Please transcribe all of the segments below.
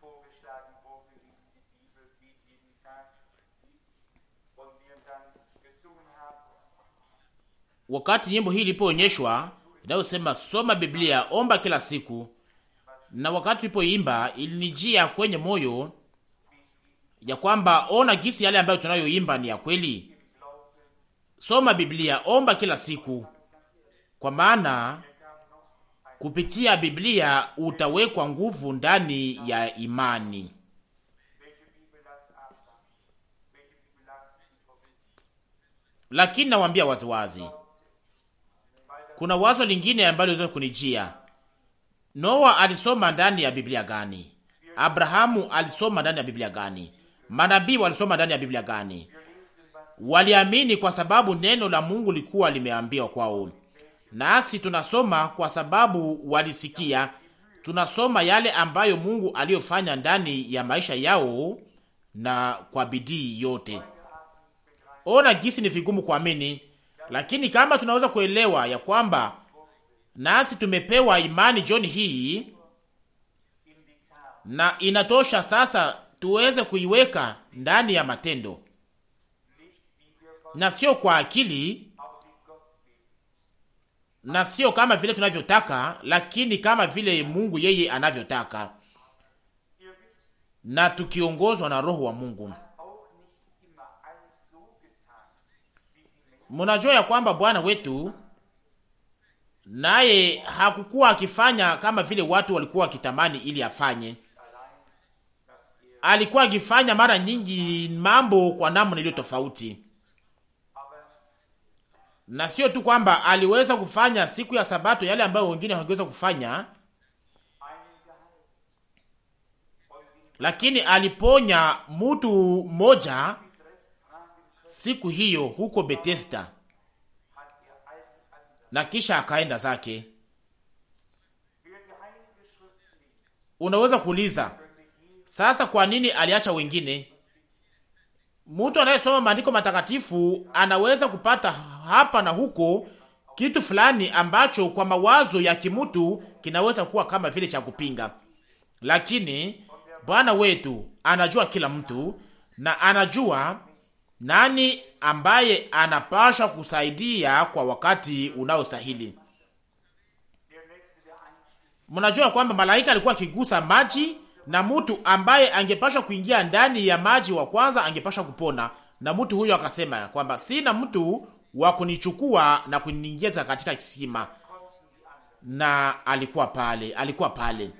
vorgeschlagen, wo die Bibel, wie jeden Tag. Und wir dann gesungen haben. Wakati nyimbo hii ilipoonyeshwa inayosema soma Biblia, omba kila siku, na wakati tulipoimba ilinijia kwenye moyo ya kwamba ona gisi yale ambayo tunayoimba ni ya kweli. Soma Biblia, omba kila siku, kwa maana kupitia Biblia utawekwa nguvu ndani ya imani. Lakini nawaambia waziwazi, kuna wazo lingine ambalo liweza kunijia. Noa alisoma ndani ya Biblia gani? Abrahamu alisoma ndani ya Biblia gani? Manabii walisoma ndani ya Biblia gani? Waliamini kwa sababu neno la Mungu likuwa limeambiwa kwao nasi tunasoma kwa sababu walisikia. Tunasoma yale ambayo Mungu aliyofanya ndani ya maisha yao na kwa bidii yote. Ona gisi ni vigumu kuamini, lakini kama tunaweza kuelewa ya kwamba nasi tumepewa imani jioni hii, na inatosha sasa tuweze kuiweka ndani ya matendo na sio kwa akili na sio kama vile tunavyotaka, lakini kama vile Mungu yeye anavyotaka, na tukiongozwa na Roho wa Mungu. Munajua ya kwamba Bwana wetu naye hakukuwa akifanya kama vile watu walikuwa wakitamani ili afanye. Alikuwa akifanya mara nyingi mambo kwa namna iliyo tofauti na sio tu kwamba aliweza kufanya siku ya Sabato yale ambayo wengine hawangeweza kufanya, lakini aliponya mtu mmoja siku hiyo huko Bethesda na kisha akaenda zake. Unaweza kuuliza sasa, kwa nini aliacha wengine? mtu anayesoma maandiko matakatifu anaweza kupata hapa na huko kitu fulani ambacho kwa mawazo ya kimutu kinaweza kuwa kama vile cha kupinga, lakini Bwana wetu anajua kila mtu na anajua nani ambaye anapasha kusaidia kwa wakati unaostahili. Mnajua kwamba malaika alikuwa akigusa maji na mtu ambaye angepasha kuingia ndani ya maji wa kwanza angepasha kupona, na mtu huyo akasema kwamba sina mtu wa kunichukua na kuniingiza katika kisima, na alikuwa pale, alikuwa pale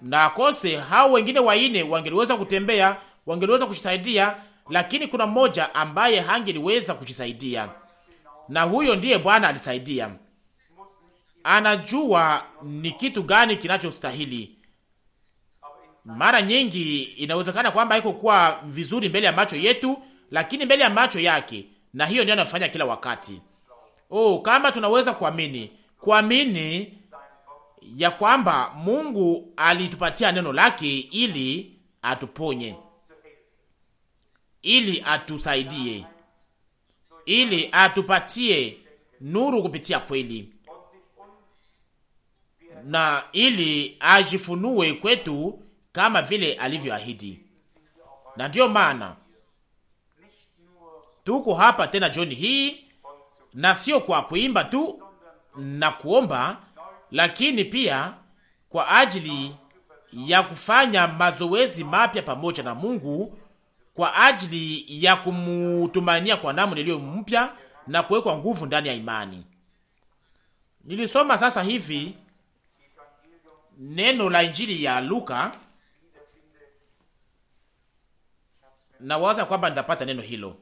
na kose hao wengine waine wangeliweza kutembea, wangeliweza kujisaidia, lakini kuna mmoja ambaye hangeliweza kujisaidia, na huyo ndiye Bwana alisaidia anajua ni kitu gani kinachostahili. Mara nyingi inawezekana kwamba iko kuwa vizuri mbele ya macho yetu, lakini mbele ya macho yake, na hiyo ndio anafanya kila wakati. Oh, kama tunaweza kuamini, kuamini ya kwamba Mungu alitupatia neno lake ili atuponye, ili atusaidie, ili atupatie nuru kupitia kweli na ili ajifunue kwetu kama vile alivyoahidi. Na ndiyo maana tuko hapa tena jioni hii, na sio kwa kuimba tu na kuomba, lakini pia kwa ajili ya kufanya mazoezi mapya pamoja na Mungu kwa ajili ya kumutumania kwa namu iliyo mpya na kuwekwa nguvu ndani ya imani. Nilisoma sasa hivi neno la Injili ya Luka na waza kwamba nitapata neno hilo.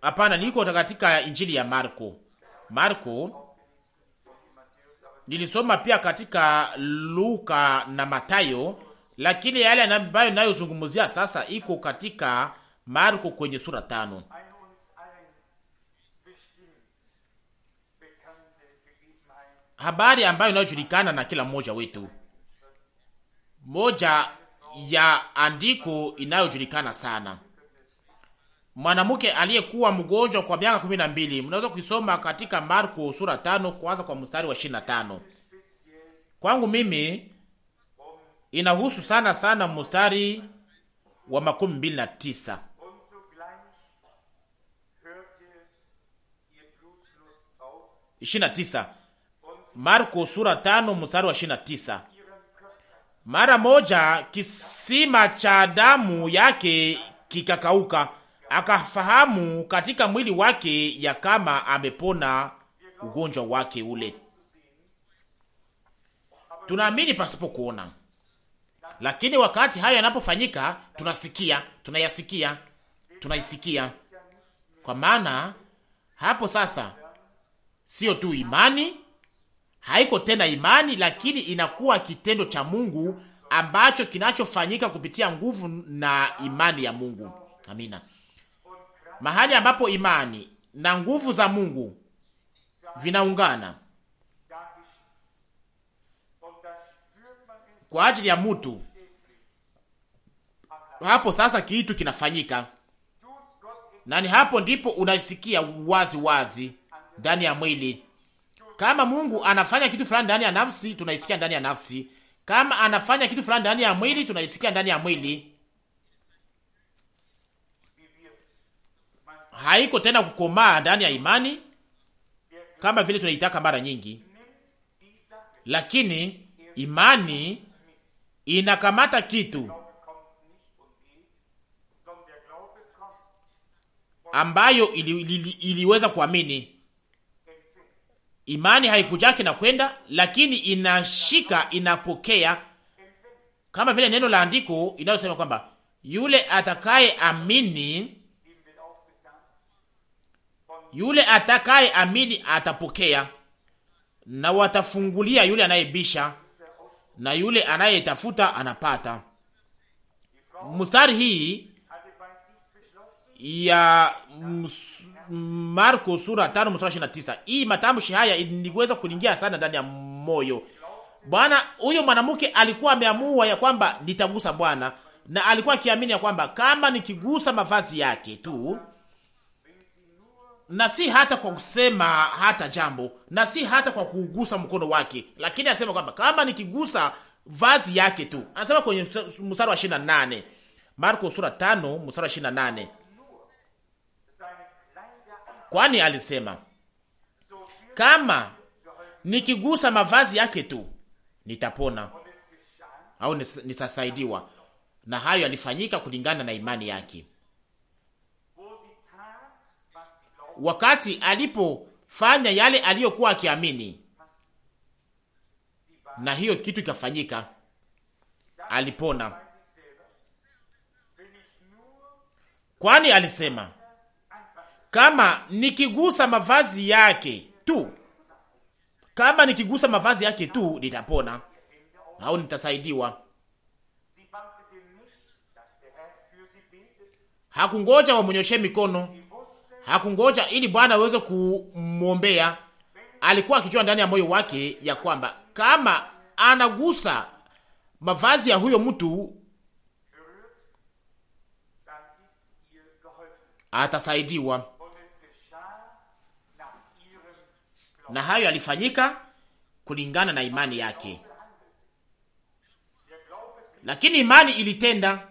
Hapana, niko katika Injili ya Marko. Marko nilisoma pia katika Luka na Matayo, lakini yale ambayo nayozungumzia sasa iko katika Marko kwenye sura tano. habari ambayo inayojulikana na kila mmoja wetu, moja ya andiko inayojulikana sana, mwanamke aliyekuwa mgonjwa kwa miaka kumi na mbili. Mnaweza kuisoma katika Marko sura tano kwanza kwa mstari wa ishirini na tano. Kwangu mimi inahusu sana sana mstari wa makumi mbili na tisa. Ishirini na tisa. Marko sura tano mstari wa ishirini na tisa. Mara moja kisima cha damu yake kikakauka, akafahamu katika mwili wake ya kama amepona ugonjwa wake ule. Tunaamini pasipo kuona, lakini wakati hayo yanapofanyika, tunasikia, tunayasikia, tunaisikia, kwa maana hapo sasa sio tu imani haiko tena imani, lakini inakuwa kitendo cha Mungu ambacho kinachofanyika kupitia nguvu na imani ya Mungu. Amina. Mahali ambapo imani na nguvu za Mungu vinaungana kwa ajili ya mtu, hapo sasa kitu kinafanyika, na ni hapo ndipo unaisikia wazi wazi ndani ya mwili kama Mungu anafanya kitu fulani ndani ya nafsi, tunaisikia ndani ya nafsi. Kama anafanya kitu fulani ndani ya mwili, tunaisikia ndani ya mwili. Haiko tena kukomaa ndani ya imani kama vile tunaitaka mara nyingi, lakini imani inakamata kitu ambayo ili, ili, ili, iliweza kuamini Imani haikujaki na kwenda, lakini inashika, inapokea, kama vile neno la andiko inayosema kwamba yule atakaye amini, yule atakaye amini atapokea, na watafungulia yule anayebisha, na yule anayetafuta anapata. Mstari hii ya Marko sura 5 mstari 29. Hii matamshi haya iliweza kuningia sana ndani ya moyo. Bwana huyo mwanamke alikuwa ameamua ya kwamba nitagusa Bwana na alikuwa akiamini ya kwamba kama nikigusa mavazi yake tu na si hata kwa kusema hata jambo na si hata kwa kugusa mkono wake, lakini anasema kwamba kama nikigusa vazi yake tu, anasema kwenye mstari wa 28, Marko sura 5 mstari wa 28 kwani alisema kama nikigusa mavazi yake tu nitapona au nitasaidiwa, na hayo yalifanyika kulingana na imani yake. Wakati alipofanya yale aliyokuwa akiamini, na hiyo kitu ikafanyika, alipona, kwani alisema kama nikigusa mavazi yake tu, kama nikigusa mavazi yake tu nitapona au nitasaidiwa. Hakungoja wamnyoshe mikono, hakungoja ili Bwana aweze kumwombea. Alikuwa akijua ndani ya moyo wake ya kwamba kama anagusa mavazi ya huyo mtu atasaidiwa. na hayo yalifanyika kulingana na imani yake. Lakini imani ilitenda,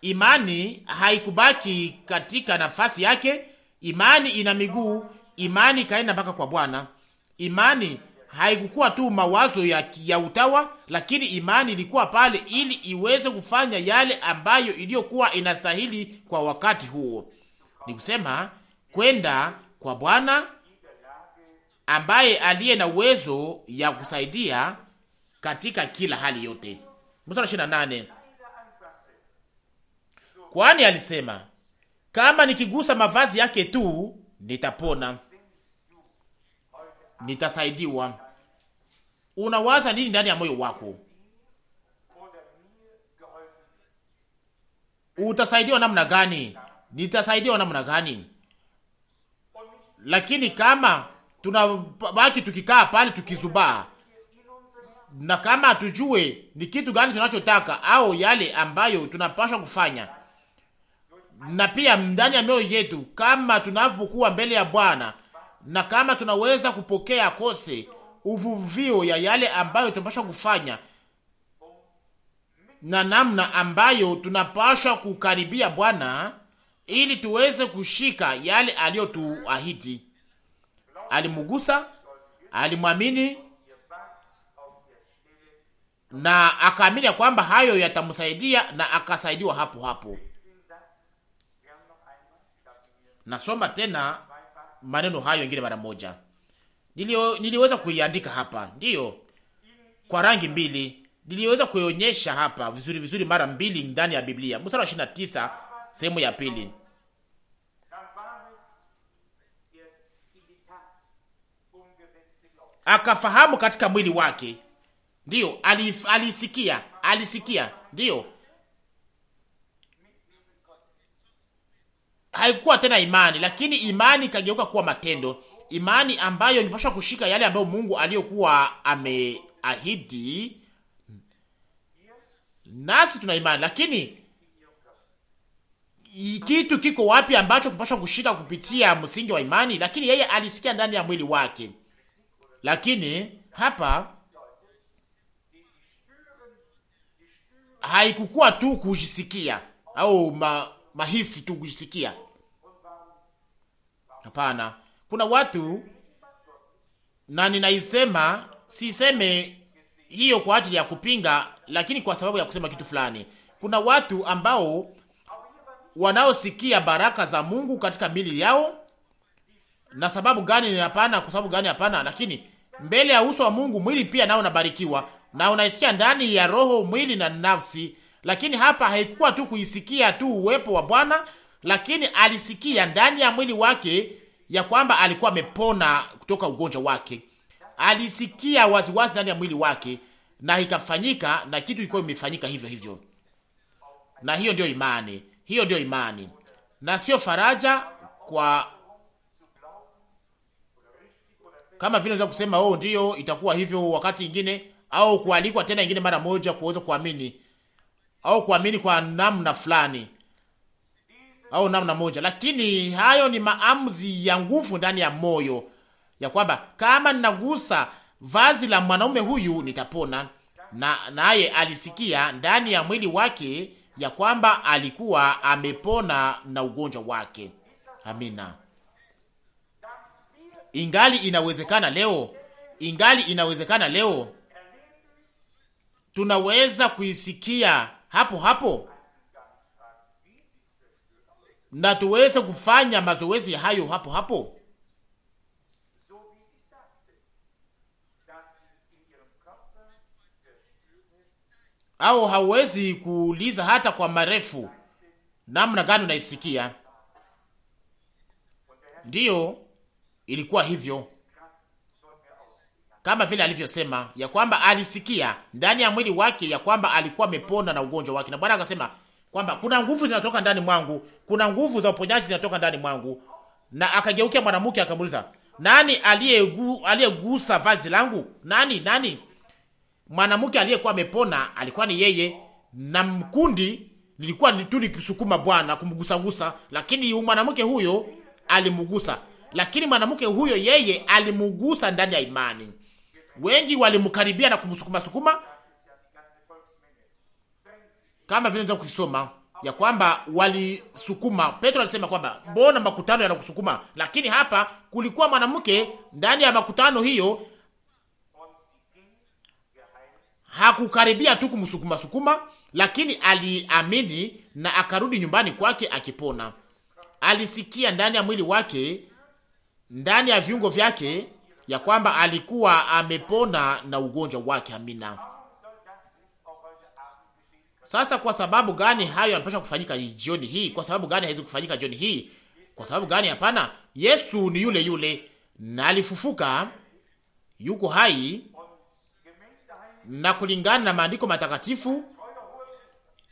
imani haikubaki katika nafasi yake. Imani ina miguu, imani ikaenda mpaka kwa Bwana. Imani haikukuwa tu mawazo ya, ya utawa, lakini imani ilikuwa pale ili iweze kufanya yale ambayo iliyokuwa inastahili kwa wakati huo, ni kusema kwenda kwa Bwana ambaye aliye na uwezo ya kusaidia katika kila hali yote. Mstari ishirini na nane kwani alisema kama nikigusa mavazi yake tu nitapona, nitasaidiwa. Unawaza nini ndani ya moyo wako? Utasaidiwa namna gani? Nitasaidiwa namna gani? Lakini kama tunabaki tukikaa pale tukizubaa, na kama tujue ni kitu gani tunachotaka au yale ambayo tunapaswa kufanya, na pia ndani ya mioyo yetu, kama tunapokuwa mbele ya Bwana na kama tunaweza kupokea kose uvuvio ya yale ambayo tunapaswa kufanya na namna ambayo tunapaswa kukaribia Bwana ili tuweze kushika yale aliyotuahidi alimugusa alimwamini na akaamini ya kwamba hayo yatamsaidia na akasaidiwa hapo hapo. Nasoma tena maneno hayo ingine mara moja, nilio niliweza kuiandika hapa, ndiyo kwa rangi mbili, niliweza kuionyesha hapa vizuri vizuri mara mbili ndani ya Biblia, mstari wa 29 sehemu ya pili. akafahamu katika mwili wake, ndiyo alisikia, alisikia, ndiyo haikuwa tena imani, lakini imani ikageuka kuwa matendo, imani ambayo nipashwa kushika yale ambayo Mungu aliyokuwa ameahidi. Nasi tuna imani, lakini kitu kiko wapi ambacho tupashwa kushika kupitia msingi wa imani, lakini yeye alisikia ndani ya mwili wake. Lakini hapa haikukuwa tu kujisikia au ma, mahisi tu kujisikia. Hapana, kuna watu na ninaisema, siiseme hiyo kwa ajili ya kupinga, lakini kwa sababu ya kusema kitu fulani. Kuna watu ambao wanaosikia baraka za Mungu katika mili yao. Na sababu gani ni hapana? Kwa sababu gani? Hapana, lakini mbele ya uso wa Mungu mwili pia nao unabarikiwa na unaisikia ndani ya roho, mwili na nafsi. Lakini hapa haikuwa tu kuisikia tu uwepo wa Bwana, lakini alisikia ndani ya mwili wake ya kwamba alikuwa amepona kutoka ugonjwa wake. Alisikia waziwazi wazi ndani ya mwili wake na ikafanyika, na kitu ilikuwa imefanyika hivyo hivyo, na hiyo ndio imani. Hiyo ndio imani na sio faraja kwa kama vile unaweza kusema oh, ndio itakuwa hivyo wakati ingine, au kualikwa tena ingine mara moja kuweza kuamini au kuamini kwa namna fulani au namna moja, lakini hayo ni maamuzi ya nguvu ndani ya moyo ya kwamba kama ninagusa vazi la mwanaume huyu nitapona, na naye alisikia ndani ya mwili wake ya kwamba alikuwa amepona na ugonjwa wake. Amina. Ingali inawezekana leo, ingali inawezekana leo, tunaweza kuisikia hapo hapo na tuweze kufanya mazoezi hayo hapo hapo. au hauwezi kuuliza hata kwa marefu namna gani unaisikia. Ndiyo, ilikuwa hivyo kama vile alivyosema ya kwamba alisikia ndani ya mwili wake ya kwamba alikuwa amepona na ugonjwa wake, na Bwana akasema kwamba kuna nguvu zinatoka ndani mwangu, kuna nguvu za uponyaji zinatoka ndani mwangu. Na akageukia mwanamke akamuuliza, nani aliyegusa vazi langu? Nani nani mwanamke aliyekuwa amepona alikuwa ni yeye, na mkundi lilikuwa tu likisukuma Bwana kumgusagusa, lakini mwanamke huyo alimgusa, lakini mwanamke huyo yeye alimgusa ndani ya imani. Wengi walimkaribia na kumsukuma sukuma, kama vile unaweza kusoma ya kwamba walisukuma. Petro alisema kwamba mbona makutano yanakusukuma? Lakini hapa kulikuwa mwanamke ndani ya makutano hiyo hakukaribia tu kumsukuma sukuma, lakini aliamini na akarudi nyumbani kwake akipona. Alisikia ndani ya mwili wake, ndani ya viungo vyake, ya kwamba alikuwa amepona na ugonjwa wake. Amina. Sasa kwa sababu gani hayo yanapaswa kufanyika jioni hii? Kwa sababu gani haiwezi kufanyika jioni hii? Kwa sababu gani? Hapana, Yesu ni yule yule na alifufuka, yuko hai na kulingana na maandiko matakatifu,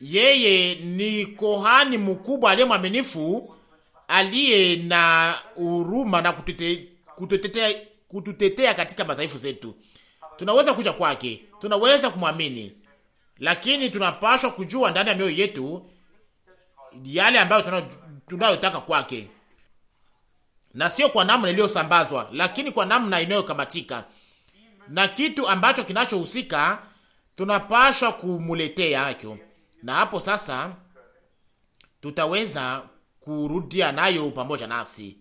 yeye ni kohani mkubwa aliye mwaminifu, aliye na huruma na kututetea, kututetea katika madhaifu zetu. Tunaweza kuja kwake, tunaweza kumwamini, lakini tunapaswa kujua ndani ya mioyo yetu yale ambayo tunayotaka kwake, na sio kwa namna iliyosambazwa, lakini kwa namna inayokamatika na kitu ambacho kinachohusika tunapashwa kumuletea hicho, na hapo sasa tutaweza kurudia nayo pamoja nasi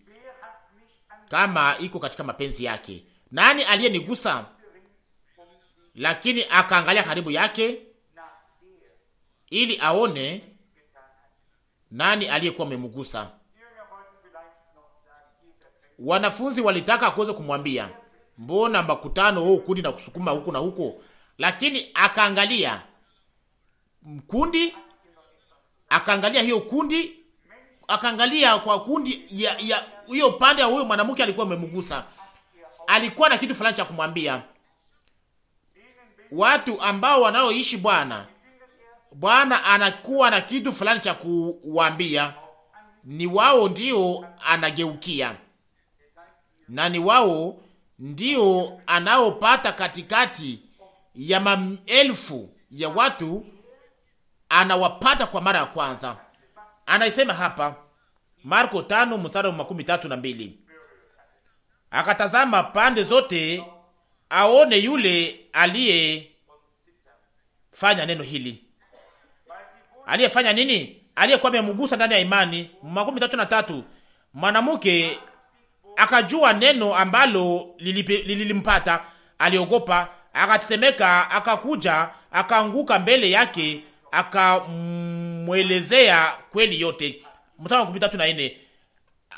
kama iko katika mapenzi yake. Nani aliyenigusa? Lakini akaangalia karibu yake ili aone nani aliyekuwa amemgusa. Wanafunzi walitaka kuweza kumwambia mbona makutano huu kundi na kusukuma huku na huko, lakini akaangalia mkundi akaangalia hiyo kundi, akaangalia kwa kundi ya ya hiyo pande ya huyo mwanamke alikuwa amemgusa, alikuwa na kitu fulani cha kumwambia. Watu ambao wanaoishi Bwana, Bwana anakuwa na kitu fulani cha kuwambia ni wao ndio anageukia na ni wao ndio anaopata katikati ya maelfu ya watu, anawapata kwa mara ya kwanza. Anaisema hapa Marko tano mstari wa makumi tatu na mbili akatazama pande zote aone yule aliyefanya neno hili. Aliyefanya nini? Aliyekuwa amemgusa ndani ya imani. makumi tatu na tatu mwanamke akajua neno ambalo lilimpata, aliogopa, akatetemeka, akakuja, akaanguka mbele yake, akamwelezea kweli yote. Mstari wa makumi tatu na nne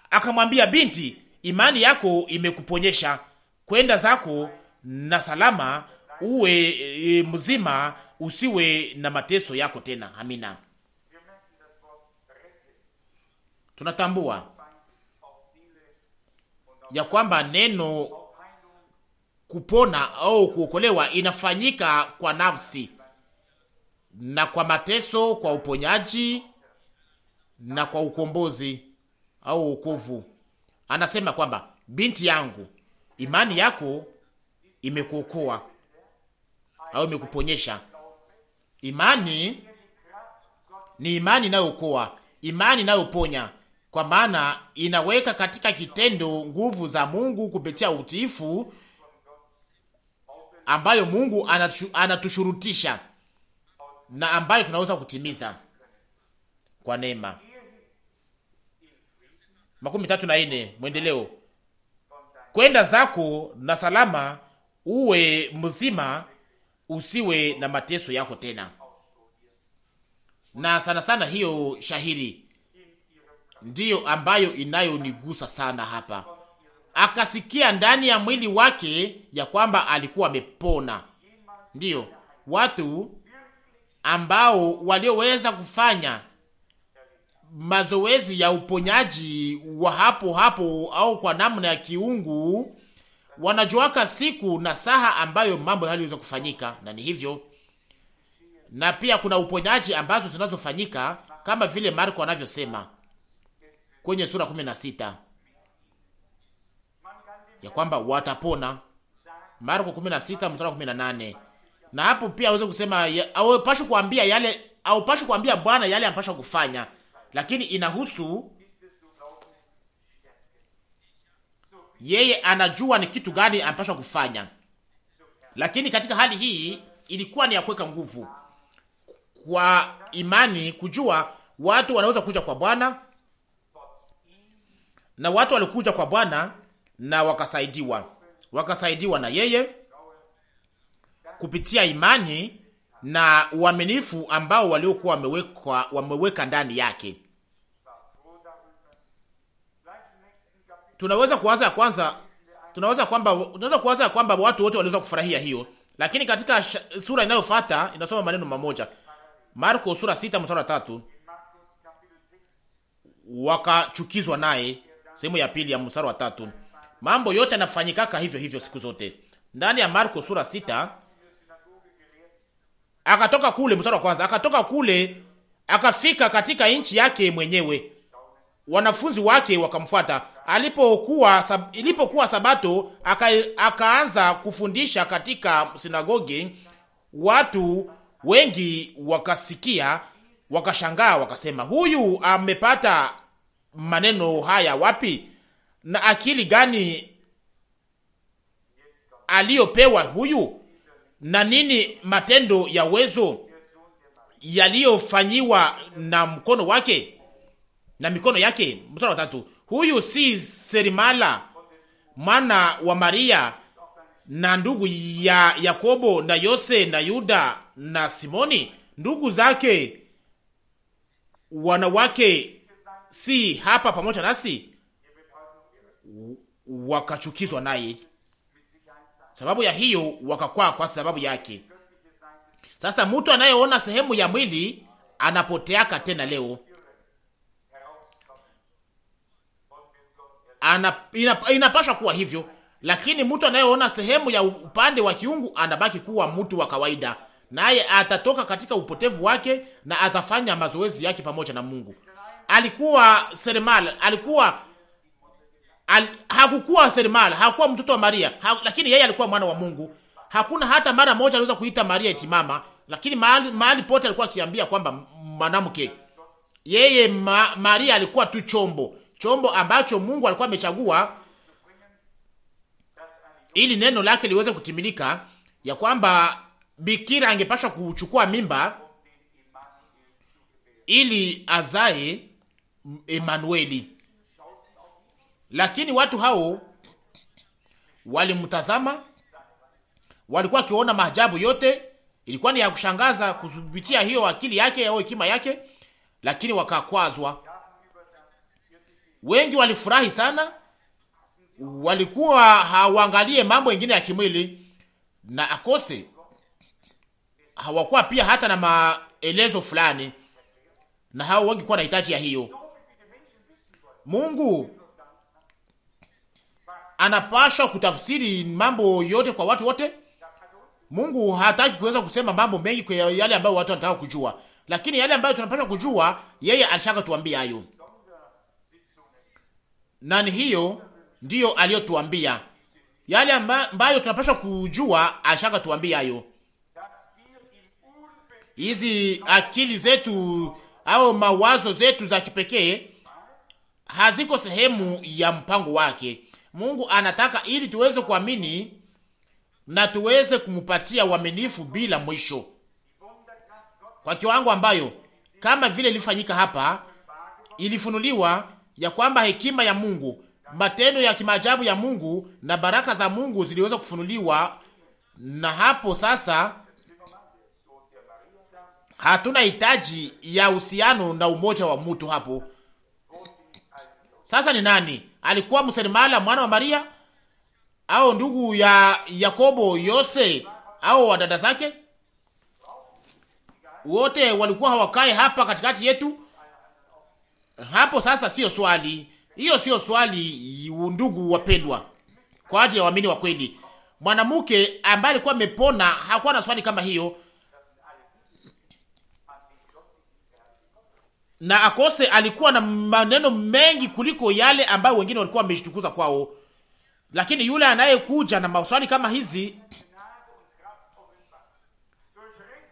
akamwambia, binti, imani yako imekuponyesha, kwenda zako na salama, uwe e, mzima, usiwe na mateso yako tena. Amina. Tunatambua ya kwamba neno kupona au kuokolewa inafanyika kwa nafsi na kwa mateso, kwa uponyaji na kwa ukombozi au wokovu. Anasema kwamba binti yangu, imani yako imekuokoa au imekuponyesha. Imani ni imani inayokoa imani inayoponya kwa maana inaweka katika kitendo nguvu za Mungu kupitia utiifu ambayo Mungu anatushurutisha na ambayo tunaweza kutimiza kwa neema. Makumi tatu na nne, mwendeleo: kwenda zako na salama, uwe mzima, usiwe na mateso yako tena. Na sana sana hiyo shahiri ndiyo ambayo inayonigusa sana hapa. Akasikia ndani ya mwili wake ya kwamba alikuwa amepona. Ndiyo watu ambao walioweza kufanya mazoezi ya uponyaji wa hapo hapo au kwa namna ya kiungu wanajuaka siku na saha ambayo mambo yaliweza kufanyika, na ni hivyo na pia kuna uponyaji ambazo zinazofanyika kama vile Marko anavyosema kwenye sura 16 ya kwamba watapona. Marko 16 mstari 18. Na hapo pia aweze kusema aupashi kuambia yale aupashi kuambia Bwana yale ampasha kufanya, lakini inahusu yeye anajua ni kitu gani ampasha kufanya. Lakini katika hali hii ilikuwa ni ya kuweka nguvu kwa imani, kujua watu wanaweza kuja kwa Bwana na watu walikuja kwa Bwana na wakasaidiwa, wakasaidiwa na yeye kupitia imani na uaminifu ambao waliokuwa wamewekwa wameweka ndani yake. Tunaweza kuwaza ya kwanza, tunaweza kwamba tunaweza kuwaza ya kwamba watu wote waliweza kufurahia hiyo, lakini katika sura inayofuata inasoma maneno mamoja, Marko sura 6 mstari wa 3, wakachukizwa naye sehemu ya pili ya mstari wa tatu. Mambo yote yanafanyikaka hivyo hivyo siku zote ndani ya Marko sura sita. Akatoka kule, mstari wa kwanza, akatoka kule akafika katika nchi yake mwenyewe, wanafunzi wake wakamfuata. Alipokuwa sab, ilipokuwa Sabato aka, akaanza kufundisha katika sinagogi, watu wengi wakasikia, wakashangaa, wakasema huyu amepata maneno haya wapi na akili gani aliyopewa huyu, na nini matendo ya uwezo yaliyofanyiwa na mkono wake na mikono yake. Mstari wa tatu, huyu si serimala mwana wa Maria na ndugu ya Yakobo na Yose na Yuda na Simoni, ndugu zake wanawake si hapa pamoja nasi, wakachukizwa naye, sababu ya hiyo wakakwaa kwa sababu yake. Sasa mtu anayeona sehemu ya mwili anapoteaka tena leo ana, ina, inapasha kuwa hivyo, lakini mtu anayeona sehemu ya upande wa kiungu anabaki kuwa mtu wa kawaida, naye atatoka katika upotevu wake na atafanya mazoezi yake pamoja na Mungu alikuwa seremala, alikuwa al, hakukuwa seremala, hakuwa mtoto wa Maria ha, lakini yeye alikuwa mwana wa Mungu. Hakuna hata mara moja aliweza kuita Maria eti mama, lakini mahali, mahali pote alikuwa akiambia kwamba mwanamke yeye ma, Maria alikuwa tu chombo, chombo ambacho Mungu alikuwa amechagua ili neno lake liweze kutimilika ya kwamba bikira angepashwa kuchukua mimba ili azae Emanueli, lakini watu hao walimtazama, walikuwa wakiona maajabu yote. Ilikuwa ni ya kushangaza kupitia hiyo akili yake au hekima yake, lakini wakakwazwa. Wengi walifurahi sana, walikuwa hawaangalie mambo mengine ya kimwili na akose, hawakuwa pia hata na maelezo fulani, na hao wengi kuwa na hitaji ya hiyo Mungu anapashwa kutafsiri mambo yote kwa watu wote. Mungu hataki kuweza kusema mambo mengi kwa yale ambayo watu wanataka kujua, lakini yale ambayo tunapaswa kujua, yeye alishaka tuambia hayo, na ni hiyo ndiyo aliyotuambia. Yale ambayo tunapaswa kujua, alishaka tuambia hayo. Hizi akili zetu au mawazo zetu za kipekee haziko sehemu ya mpango wake. Mungu anataka ili tuweze kuamini na tuweze kumupatia uaminifu bila mwisho, kwa kiwango ambayo kama vile ilifanyika hapa, ilifunuliwa ya kwamba hekima ya Mungu, matendo ya kimaajabu ya Mungu na baraka za Mungu ziliweza kufunuliwa, na hapo sasa hatuna hitaji ya uhusiano na umoja wa mtu hapo sasa ni nani? Alikuwa mseremala mwana wa Maria au ndugu ya Yakobo, Yose au wadada zake? Wote walikuwa hawakae hapa katikati yetu hapo. Sasa sio swali hiyo, sio swali, ndugu wapendwa, kwa ajili ya waamini wa kweli. Mwanamke ambaye alikuwa amepona hakuwa na swali kama hiyo, na akose alikuwa na maneno mengi kuliko yale ambayo wengine walikuwa wameshtukuza kwao, lakini yule anayekuja na maswali kama hizi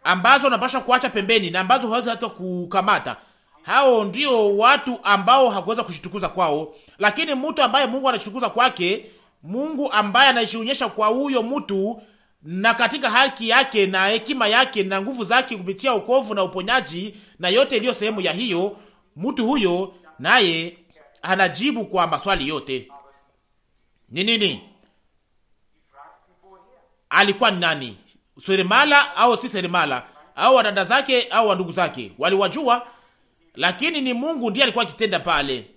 ambazo unapaswa kuacha pembeni na ambazo hawezi hata kukamata, hao ndio watu ambao hakuweza kushitukuza kwao. Lakini mtu ambaye Mungu anashitukuza kwake, Mungu ambaye anajionyesha kwa huyo mtu na katika haki yake na hekima yake na nguvu zake kupitia ukovu na uponyaji na yote iliyo sehemu ya hiyo, mtu huyo naye anajibu kwa maswali yote. Ni nini? Alikuwa ni nani? Seremala au si seremala au wadada zake au wandugu zake waliwajua, lakini ni Mungu ndiye alikuwa akitenda pale,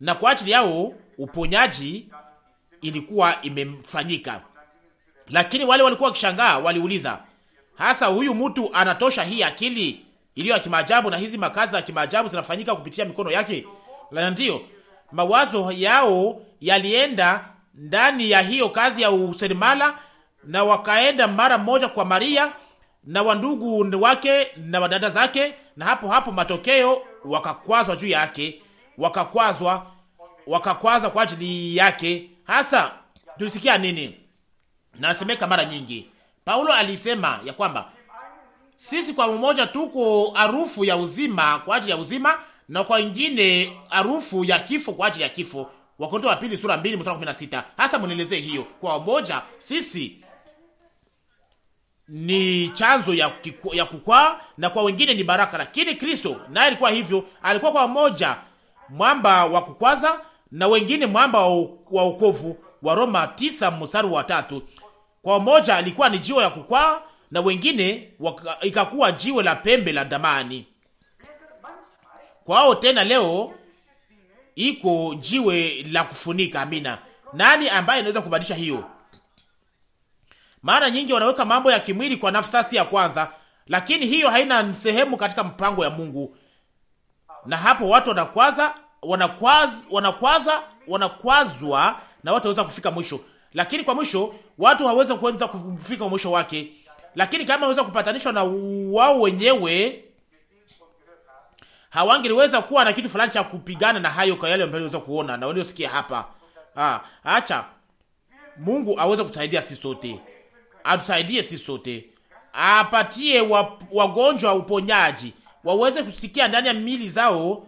na kwa ajili yao uponyaji ilikuwa imefanyika. Lakini wale walikuwa wakishangaa, waliuliza hasa, huyu mtu anatosha hii akili iliyo ya kimaajabu na hizi makazi ya kimaajabu zinafanyika kupitia mikono yake? Na ndiyo mawazo yao yalienda ndani ya hiyo kazi ya useremala, na wakaenda mara moja kwa Maria na wandugu wake na wadada zake, na hapo hapo matokeo wakakwazwa juu yake, wakakwazwa wakakwazwa kwa ajili yake. Hasa tulisikia nini? nasemeka mara nyingi. Paulo alisema ya kwamba sisi kwa mmoja tuko harufu ya uzima kwa ajili ya uzima na kwa wengine harufu ya kifo kwa ajili ya kifo. Wakorintho wa pili sura 2 mstari 16. Hasa mnielezee hiyo. Kwa mmoja sisi ni chanzo ya, kiku, ya kukwaa na kwa wengine ni baraka, lakini Kristo naye alikuwa hivyo, alikuwa kwa mmoja mwamba wa kukwaza na wengine mwamba wa wokovu, wa Roma 9 mstari wa tatu. Kwa moja alikuwa ni jiwe ya kukwaa na wengine waka, ikakuwa jiwe la pembe la damani kwao. Tena leo iko jiwe la kufunika. Amina. Nani ambaye anaweza kubadilisha hiyo? Mara nyingi wanaweka mambo ya kimwili kwa nafasi ya kwanza, lakini hiyo haina sehemu katika mpango ya Mungu, na hapo watu wanakwaza wanakwaza wanakwazwa na watu waweza kufika mwisho lakini kwa mwisho watu hawezi kuweza kufika mwisho wake. Lakini kama waweza kupatanishwa na wao wenyewe, hawangeliweza kuwa na kitu fulani cha kupigana na hayo, kwa yale ambayo kuona na waliosikia hapa. Ah, acha Mungu aweze kutusaidia sisi sote, atusaidie sisi sote, apatie wagonjwa uponyaji, waweze kusikia ndani ya mili zao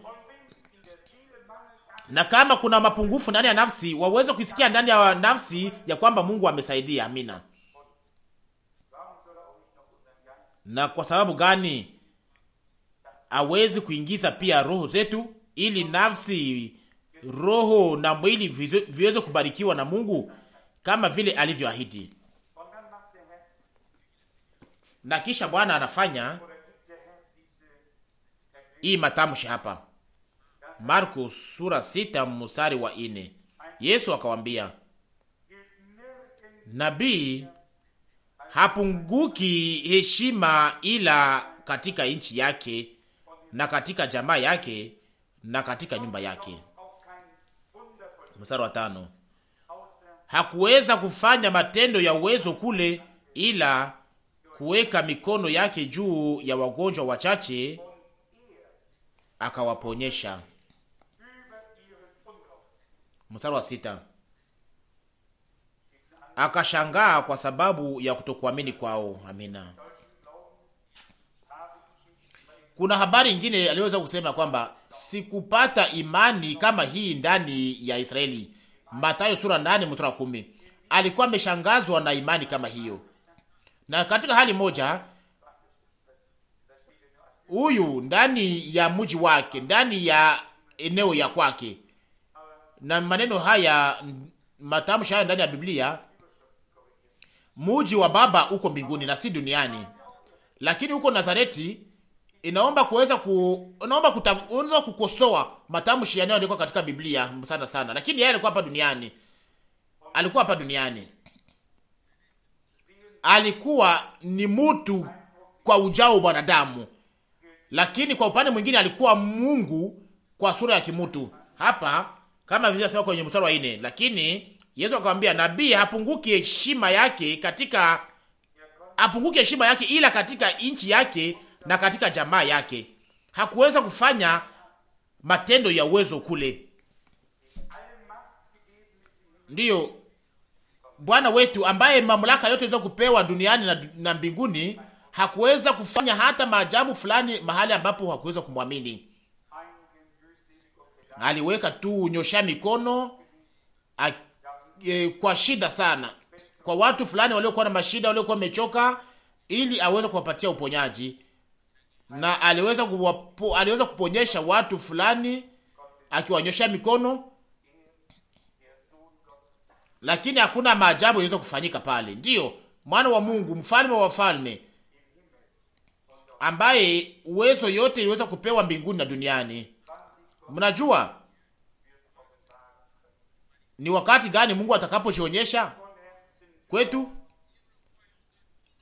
na kama kuna mapungufu ndani ya nafsi, waweze kuisikia ndani ya nafsi ya kwamba Mungu amesaidia. Amina. Na kwa sababu gani awezi kuingiza pia roho zetu, ili nafsi, roho na mwili viweze kubarikiwa na Mungu kama vile alivyoahidi. Na kisha Bwana anafanya hii matamshi hapa Marko sura sita mstari wa ine. Yesu akawambia, nabii hapunguki heshima ila katika nchi yake na katika jamaa yake na katika nyumba yake. Mstari wa tano, hakuweza kufanya matendo ya uwezo kule ila kuweka mikono yake juu ya wagonjwa wachache akawaponyesha mstari wa sita. Akashangaa kwa sababu ya kutokuamini kwao. Amina. Kuna habari nyingine aliweza kusema kwamba sikupata imani kama hii ndani ya Israeli, Mathayo sura nane mstari wa kumi. Alikuwa ameshangazwa na imani kama hiyo, na katika hali moja huyu ndani ya mji wake, ndani ya eneo ya kwake na maneno haya, matamshi haya ndani ya Biblia, muji wa Baba uko mbinguni na si duniani, lakini huko Nazareti inaomba kuweza ku inaomba kutanza kukosoa matamshi yanayoandikwa katika Biblia sana sana, lakini yeye alikuwa hapa duniani, alikuwa hapa duniani, alikuwa ni mtu kwa ujao mwanadamu, lakini kwa upande mwingine alikuwa Mungu kwa sura ya kimutu. Hapa kama vile sema kwenye mstari wa nne. Lakini Yesu akamwambia nabii hapunguki heshima yake katika hapunguki heshima yake ila katika nchi yake na katika jamaa yake. Hakuweza kufanya matendo ya uwezo kule. Ndiyo Bwana wetu ambaye mamlaka yote iweza kupewa duniani na, na mbinguni hakuweza kufanya hata maajabu fulani mahali ambapo hakuweza kumwamini aliweka tu unyosha mikono a, e, kwa shida sana kwa watu fulani waliokuwa na mashida, waliokuwa wamechoka, ili aweze kuwapatia uponyaji, na aliweza kuwapo, aliweza kuponyesha watu fulani akiwanyosha mikono, lakini hakuna maajabu yaweza kufanyika pale. Ndiyo mwana wa Mungu, mfalme wa wafalme, ambaye uwezo yote iliweza kupewa mbinguni na duniani Mnajua ni wakati gani Mungu atakaposhionyesha kwetu,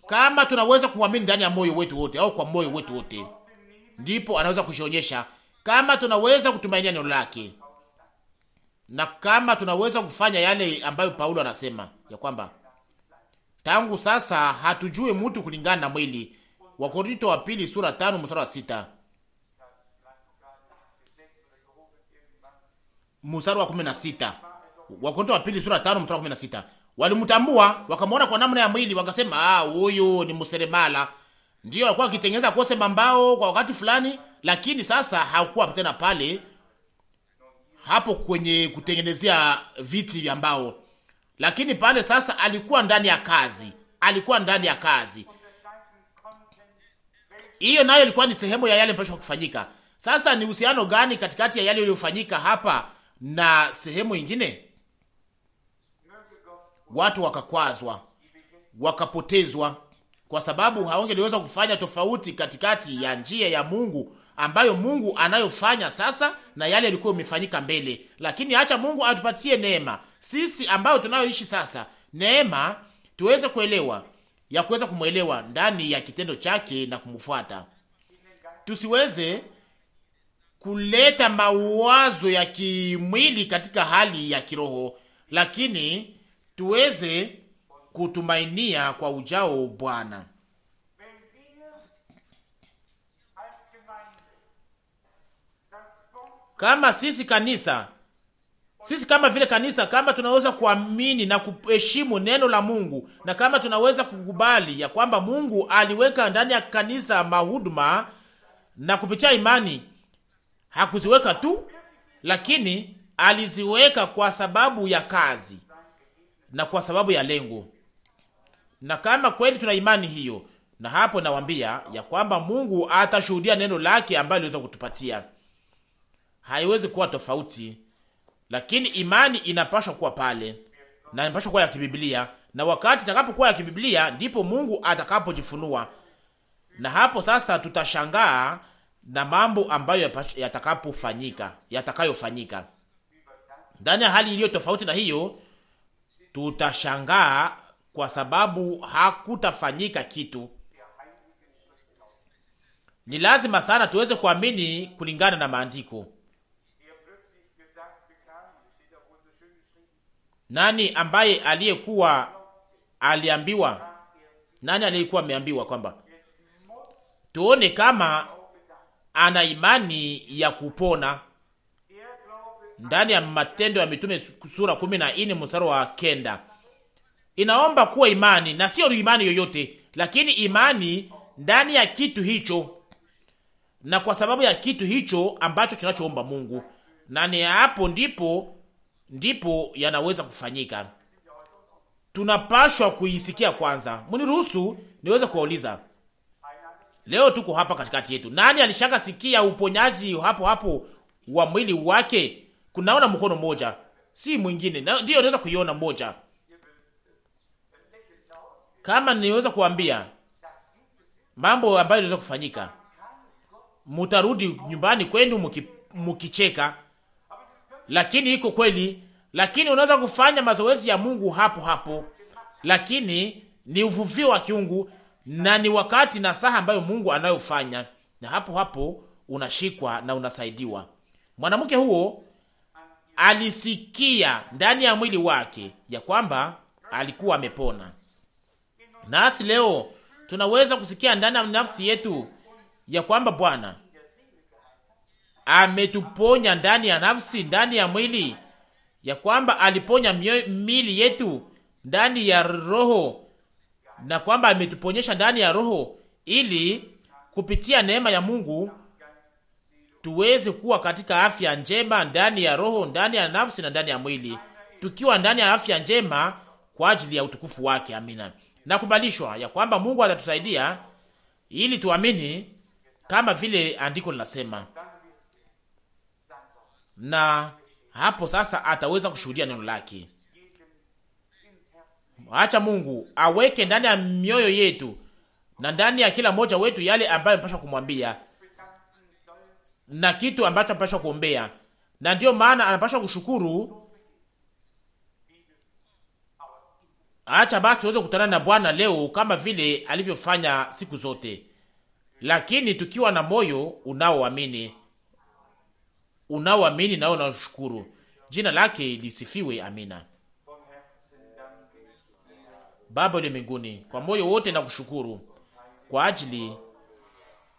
kama tunaweza kumwamini ndani ya moyo wetu wote au kwa moyo wetu wote, ndipo anaweza kushionyesha kama tunaweza kutumainia neno lake na kama tunaweza kufanya yale ambayo Paulo anasema ya kwamba tangu sasa hatujue mtu kulingana na mwili, Wakorinto wa pili sura tano mstari wa sita. mstari wa sita Wakorintho wa pili sura tano mstari wa sita Walimtambua, wakamwona kwa namna ya mwili, wakasema ah, huyu ni mseremala. Ndio alikuwa akitengeneza kose mbao kwa wakati fulani, lakini sasa hakuwa tena pale hapo kwenye kutengenezea viti vya mbao, lakini pale sasa alikuwa ndani ya kazi, alikuwa ndani ya kazi hiyo, nayo ilikuwa ni sehemu ya yale mpasho kufanyika. Sasa ni uhusiano gani katikati ya yale yaliyofanyika hapa na sehemu ingine watu wakakwazwa, wakapotezwa, kwa sababu hawangeliweza kufanya tofauti katikati ya njia ya Mungu ambayo Mungu anayofanya sasa na yale yalikuwa imefanyika mbele. Lakini acha Mungu atupatie neema sisi ambayo tunayoishi sasa, neema tuweze kuelewa ya kuweza kumwelewa ndani ya kitendo chake na kumfuata, tusiweze kuleta mawazo ya kimwili katika hali ya kiroho, lakini tuweze kutumainia kwa ujao Bwana. Kama sisi kanisa, sisi kama vile kanisa, kama tunaweza kuamini na kuheshimu neno la Mungu na kama tunaweza kukubali ya kwamba Mungu aliweka ndani ya kanisa mahuduma na kupitia imani hakuziweka tu, lakini aliziweka kwa sababu ya kazi na kwa sababu ya lengo. Na kama kweli tuna imani hiyo, na hapo nawambia ya kwamba Mungu atashuhudia neno lake ambalo liweza kutupatia, haiwezi kuwa tofauti. Lakini imani inapashwa kuwa pale na inapashwa kuwa ya kibiblia, na wakati itakapokuwa ya kibiblia ndipo Mungu atakapojifunua, na hapo sasa tutashangaa na mambo ambayo yatakapofanyika yatakayofanyika ndani ya hali iliyo tofauti na hiyo, tutashangaa kwa sababu hakutafanyika kitu. Ni lazima sana tuweze kuamini kulingana na maandiko. Nani ambaye aliyekuwa aliambiwa? Nani aliyekuwa ameambiwa kwamba tuone kama ana imani ya kupona ndani ya Matendo ya Mitume sura kumi na nne mstari wa kenda inaomba kuwa imani na sio imani yoyote, lakini imani ndani ya kitu hicho na kwa sababu ya kitu hicho ambacho tunachoomba Mungu, na ni hapo ndipo ndipo yanaweza kufanyika. Tunapashwa kuisikia kwanza. Mniruhusu niweze kuwauliza Leo tuko hapa katikati yetu. Nani alishaka sikia uponyaji hapo hapo wa mwili wake? Kunaona mkono moja, si mwingine, ndio naweza kuiona moja. Kama niweza kuambia mambo ambayo inaweza kufanyika, mutarudi nyumbani kwenu mkicheka, lakini iko kweli. Lakini unaweza kufanya mazoezi ya Mungu hapo hapo, lakini ni uvuvio wa kiungu na ni wakati na saha ambayo Mungu anayofanya, na hapo hapo unashikwa na unasaidiwa. Mwanamke huo alisikia ndani ya mwili wake ya kwamba alikuwa amepona, nasi leo tunaweza kusikia ndani ya nafsi yetu ya kwamba Bwana ametuponya ndani ya nafsi, ndani ya mwili, ya kwamba aliponya mili yetu ndani ya roho na kwamba ametuponyesha ndani ya Roho ili kupitia neema ya Mungu tuweze kuwa katika afya njema ndani ya roho, ndani ya nafsi na ndani ya mwili, tukiwa ndani ya afya njema kwa ajili ya utukufu wake. Amina. Nakubalishwa ya kwamba Mungu atatusaidia ili tuamini kama vile andiko linasema, na hapo sasa ataweza kushuhudia neno lake. Acha Mungu aweke ndani ya mioyo yetu na ndani ya kila mmoja wetu yale ambayo mpasha kumwambia na kitu ambacho anapashwa kuombea, na ndiyo maana anapaswa kushukuru. Acha basi tuweze kutana na Bwana leo kama vile alivyofanya siku zote, lakini tukiwa na moyo unaoamini, unaoamini nao unashukuru. Jina lake lisifiwe, amina. Baba uliye mbinguni, kwa moyo wote na kushukuru kwa ajili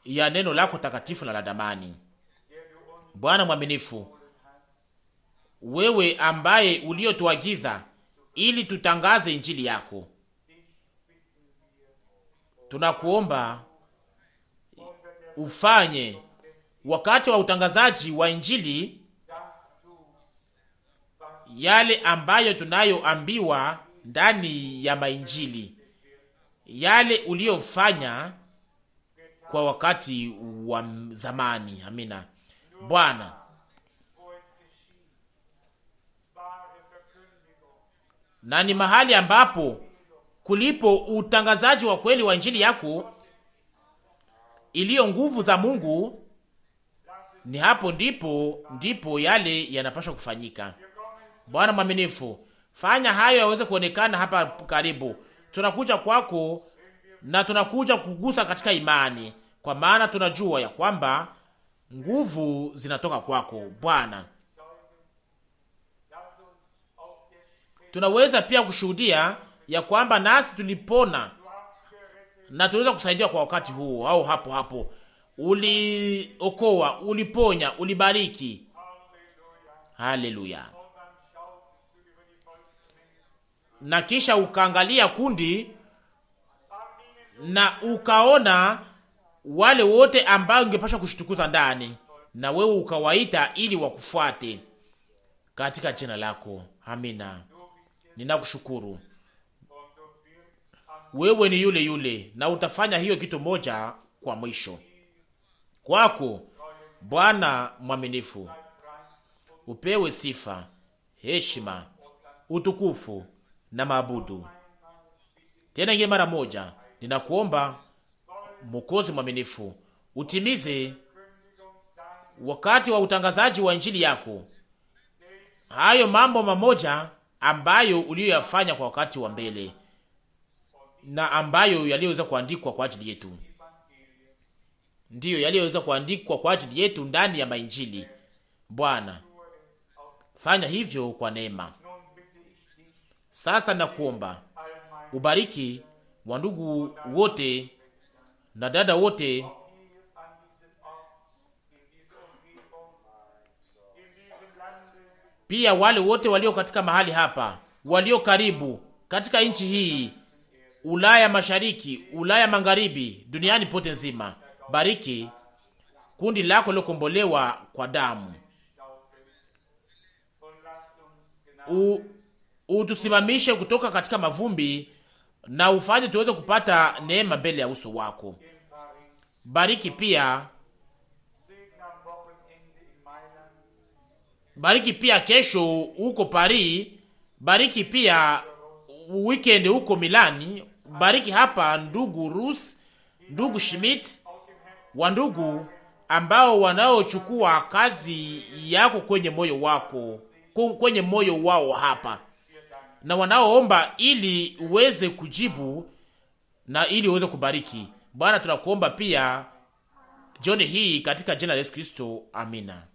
ya neno lako takatifu na la damani. Bwana mwaminifu, wewe ambaye uliotuagiza ili tutangaze injili yako, tunakuomba ufanye wakati wa utangazaji wa injili yale ambayo tunayoambiwa ndani ya mainjili yale uliyofanya kwa wakati wa zamani. Amina. Bwana, na ni mahali ambapo kulipo utangazaji wa kweli wa injili yako iliyo nguvu za Mungu, ni hapo ndipo ndipo yale yanapaswa kufanyika. Bwana mwaminifu, Fanya hayo yaweze kuonekana hapa karibu. Tunakuja kwako na tunakuja kugusa katika imani, kwa maana tunajua ya kwamba nguvu zinatoka kwako Bwana. Tunaweza pia kushuhudia ya kwamba nasi tulipona na tunaweza kusaidia kwa wakati huu au hapo hapo. Uliokoa, uliponya, ulibariki. Haleluya! na kisha ukaangalia kundi na ukaona wale wote ambao ungepasha kushitukuza ndani, na wewe ukawaita ili wakufuate katika jina lako. Amina, ninakushukuru wewe ni yule yule na utafanya hiyo kitu moja kwa mwisho. Kwako Bwana mwaminifu, upewe sifa, heshima, utukufu na maabudu. Tena ingie mara moja, ninakuomba Mwokozi mwaminifu, utimize wakati wa utangazaji wa injili yako hayo mambo mamoja ambayo uliyoyafanya kwa wakati wa mbele na ambayo yaliyoweza kuandikwa kwa ajili yetu, ndiyo yaliyoweza kuandikwa kwa ajili yetu ndani ya mainjili. Bwana, fanya hivyo kwa neema. Sasa nakuomba ubariki wandugu wote na dada wote pia wale wote walio katika mahali hapa, walio karibu katika nchi hii, Ulaya Mashariki, Ulaya Magharibi, duniani pote nzima. Bariki kundi lako lilokombolewa kwa damu U utusimamishe kutoka katika mavumbi na ufanye tuweze kupata neema mbele ya uso wako. Bariki pia bariki pia kesho huko Paris, bariki pia weekend huko Milani, bariki hapa ndugu Rus, ndugu Schmidt wa ndugu ambao wanaochukua kazi yako kwenye moyo wako kwenye moyo wao hapa na wanaoomba ili uweze kujibu na ili uweze kubariki. Bwana, tunakuomba pia jioni hii katika jina la Yesu Kristo, amina.